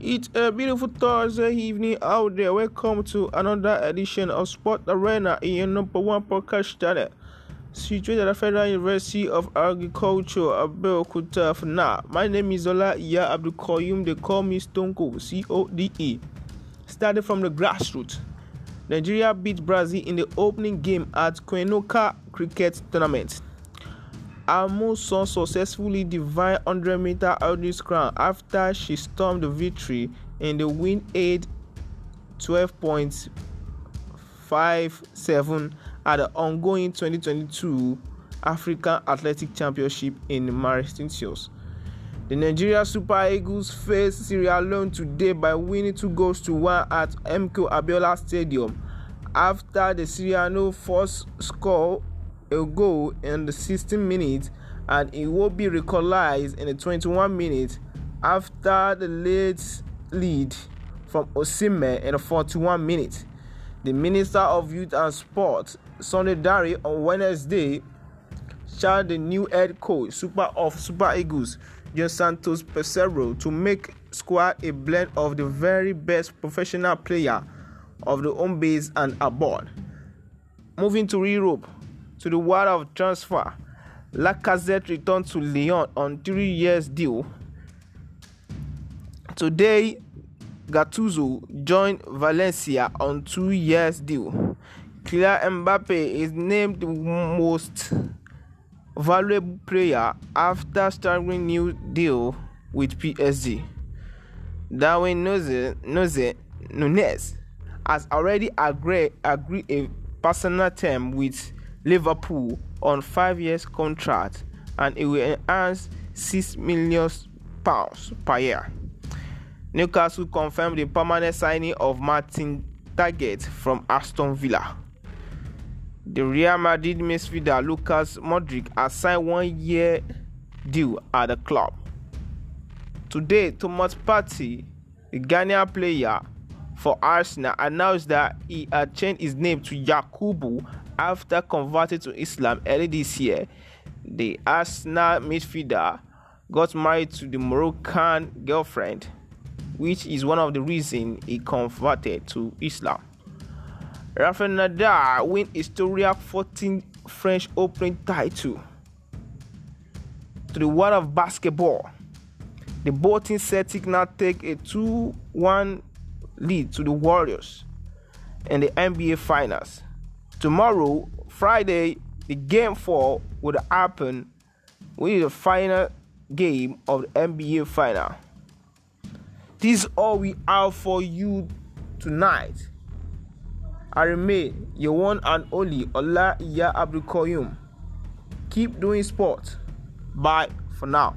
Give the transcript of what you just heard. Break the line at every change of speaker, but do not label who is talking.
It's a beautiful Thursday evening out there. Welcome to another edition of Sport Arena in your number one podcast channel. Situated at Federal University of Agriculture, Abeokuta, FNA. My name is Ola Ya Abdul Koyum. They call me Stone C O D E. Started from the grassroots. Nigeria beat Brazil in the opening game at Kwenoka Cricket Tournament. Amundsen successfully dived 100-meter hurdles crown after she stormed to victory in the win-aid 12.57 at the ongoing 2022 African Athletic Championship in Mauritius. The Nigeria Super Eagles faced Sierra Leone today by winning two goals to one at MKO Abiola Stadium after the Sierra Leone first score A goal in the 16 minutes and it will be recognized in the 21 minutes after the late lead from Osime in the 41 minutes. The Minister of Youth and Sport, Sunday Dari, on Wednesday charged the new head coach Super of Super Eagles, John Santos Pesero, to make squad a blend of the very best professional player of the home base and abroad. Moving to Europe, to the world of transfer, Lacazette returned to Lyon on three years deal. Today, Gattuso joined Valencia on two years deal. Kylian Mbappe is named the most valuable player after starting new deal with PSG. Darwin Nose, Nose, Nunes has already agreed, agreed a personal term with Liverpool on five years contract and it will enhance £6 million per year. Newcastle confirmed the permanent signing of Martin Target from Aston Villa. The Real Madrid midfielder Lucas Modric has signed one-year deal at the club. Today, Thomas Partey, the Ghanaian player, for Arsenal announced that he had changed his name to Yakubu after converting to Islam early this year. The Arsenal midfielder got married to the Moroccan girlfriend, which is one of the reasons he converted to Islam. Rafael Nadal win historic 14 French Open title. To the world of basketball, the Bolton Celtic now take a 2-1 lead to the Warriors in the NBA Finals. Tomorrow, Friday, the game four would happen with the final game of the NBA Final. This is all we have for you tonight. I remain your one and only Allah Ya Abdul Koyum. Keep doing sport. Bye for now.